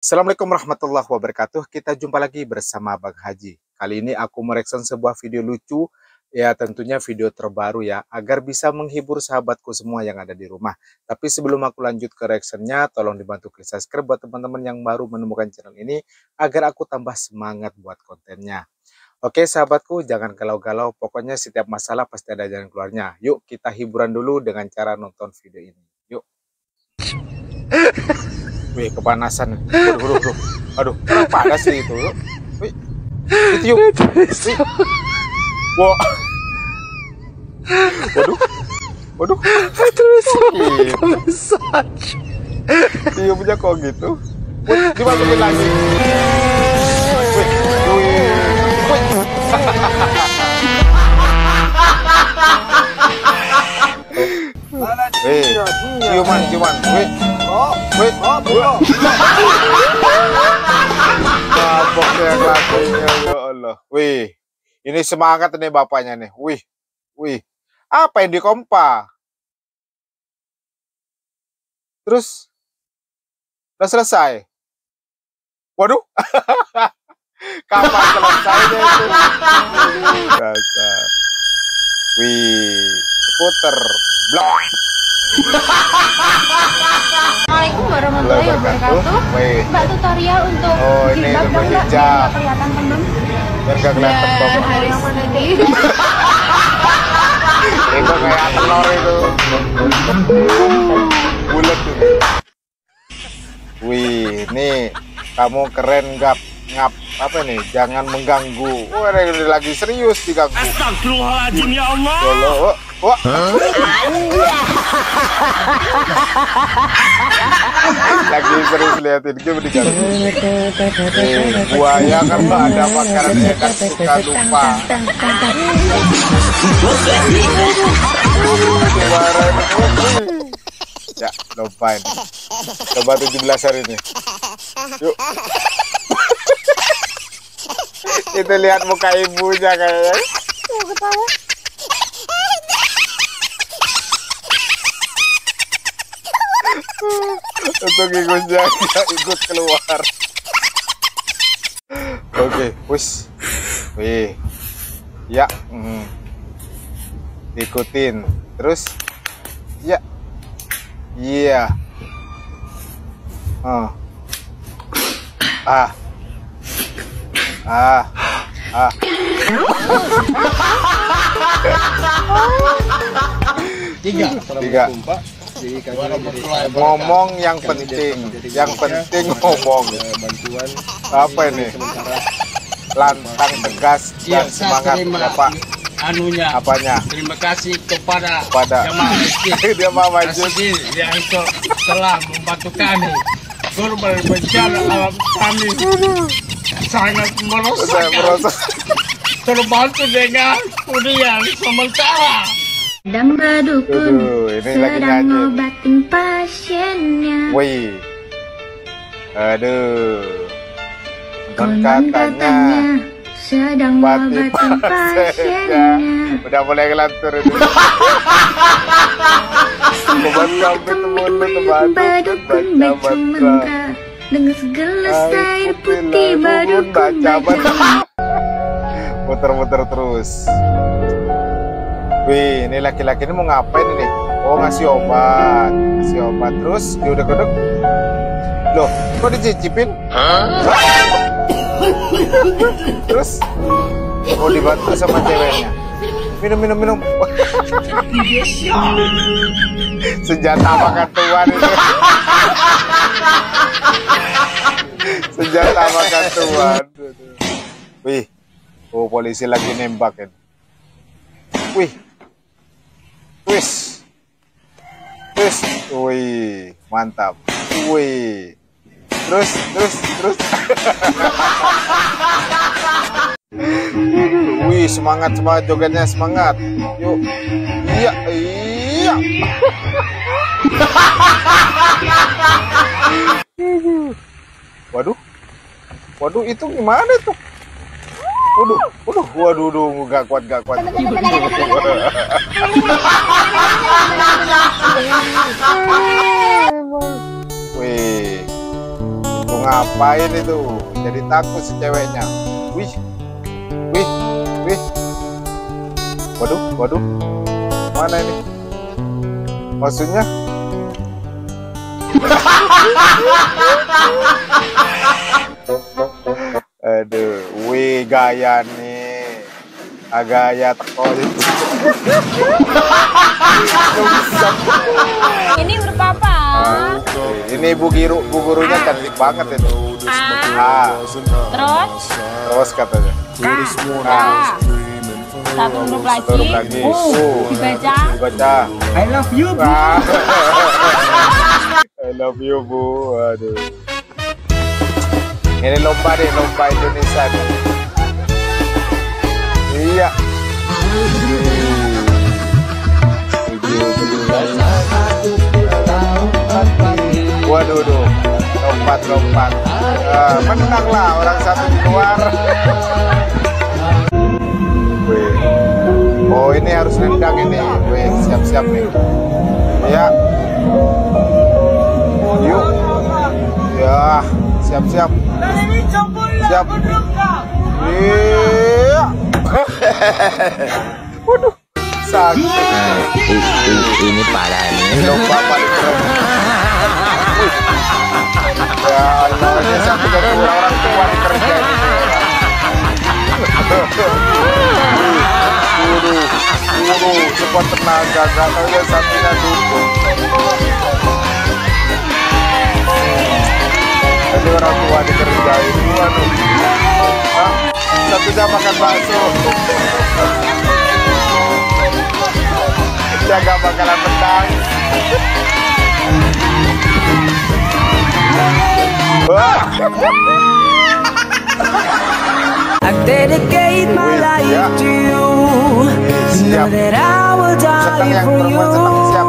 Assalamualaikum warahmatullahi wabarakatuh. Kita jumpa lagi bersama Bang Haji. Kali ini aku mereksan sebuah video lucu, ya tentunya video terbaru ya, agar bisa menghibur sahabatku semua yang ada di rumah. Tapi sebelum aku lanjut ke reaksinya, tolong dibantu klik subscribe buat teman-teman yang baru menemukan channel ini, agar aku tambah semangat buat kontennya. Oke sahabatku, jangan galau-galau, pokoknya setiap masalah pasti ada jalan keluarnya. Yuk kita hiburan dulu dengan cara nonton video ini. Yuk. Wih, kepanasan. Aduh, aduh, aduh, Aduh, panas sih itu. Wih, itu yuk. Wah. Waduh. Waduh. Terus massage. Iya punya kok gitu. Wih, dimasukin lagi. Wih, wih, wih. Wih, ciuman, ciuman. Wih. Wih, ini semangat nih bapaknya nih. Wih, wih. Apa yang dikompa? Terus, udah selesai. Waduh, kapan selesai itu? Wih, puter, blok warahmatullahi wabarakatuh. Baik. Mbak tutorial untuk oh, ini jilbab dong Mbak, oh, biar kelihatan tembem. Biar gak kelihatan tembem. Harus nanti. Itu kayak telur itu. Uh. Bulat tuh. Wih, nih kamu keren gap ngap apa nih jangan mengganggu wah lagi serius diganggu astagfirullahaladzim ya Allah Allah Wah. Oh. Lagi terus liatin dia di eh, buaya kan mbak ada makanan dia ya, kan suka lupa. Ya, fine Coba 17 hari ini. Yuk. Itu lihat muka ibunya kayaknya. Mau ketawa. Untuk ikut jaga, ikut keluar. Oke, okay, wis. Wih. Ya. Mm. Ikutin. Terus. Ya. Iya. Yeah. Oh. Ah. Ah. Ah. Tiga. Tiga. Tiga ngomong yang penting yang penting ngomong ya, apa ini lantang tegas dan semangat apa? anunya apanya terima kasih kepada kepada dia masjid jamaah masjid yang telah membantu kami korban bencana alam kami sangat merosakkan terbantu dengan kudian sementara sedang berdukun, ini sedang ngobatin pasiennya. Woi. Aduh. Konon katanya, sedang ngobatin pasiennya. Udah mulai ngelantur itu. Beban sampai temen lu Berdukun baca mantra. Dengan segelas air putih berdukun baca mantra. Muter-muter terus. Wih, ini laki-laki ini mau ngapain ini? Oh, ngasih obat. Ngasih obat. Terus udah uduk Loh, kok dicicipin? Terus? mau dibantu sama ceweknya. Minum, minum, minum. Senjata makan tuan ini. Senjata makan tuan. Wih, oh polisi lagi nembakin. Wih, Wis. Wis. Woi, mantap. Woi. Terus, terus, terus. Wih, semangat semangat jogetnya semangat. Yuk. Iya, iya. Waduh. Waduh, itu gimana tuh? Waduh, waduh, waduh, waduh, gak kuat, gak kuat. Wih, itu ngapain itu? Jadi takut si ceweknya. Wih, wih, wih. Waduh, waduh, mana ini? Maksudnya? Aduh gaya nih. Agaya teko. Ini berapa? apa? Ini bu guru, bu gurunya ah. cantik banget itu. Ah. Ah. Terus? Terus katanya. Satu huruf lagi. lagi. Oh, oh. Dibaca. Dibaca. I love you, Bu. I love you, Bu. Aduh. Ini lomba deh, lomba Indonesia. Nih. Waduh, waduh. lompat lompat. Uh, eh, menanglah orang satu keluar. Wih. Oh ini harus nendang ini. Wih siap siap nih. Ya. Yuk. Ya siap siap. Siap. Wih. Waduh. Sakit. Nah, ini parah ini. lupa paling keren. Ya Allah, dia sampai dari orang-orang tua kerja. Guru, guru, cepat tenaga, karena dia sampingan dulu. Jadi orang tua dikerjain, waduh. Satu jam makan bakso. Kita gak bakalan menang. I dedicate my iya. life to you. Know that I will die for you.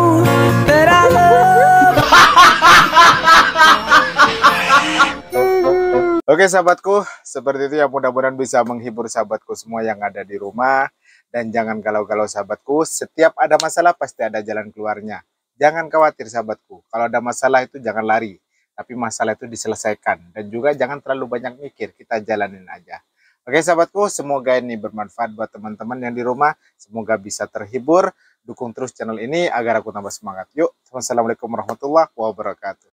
Oke sahabatku, seperti itu ya mudah-mudahan bisa menghibur sahabatku semua yang ada di rumah. Dan jangan kalau-kalau sahabatku, setiap ada masalah pasti ada jalan keluarnya. Jangan khawatir sahabatku, kalau ada masalah itu jangan lari. Tapi masalah itu diselesaikan. Dan juga jangan terlalu banyak mikir, kita jalanin aja. Oke sahabatku, semoga ini bermanfaat buat teman-teman yang di rumah. Semoga bisa terhibur. Dukung terus channel ini agar aku tambah semangat. Yuk, Wassalamualaikum warahmatullahi wabarakatuh.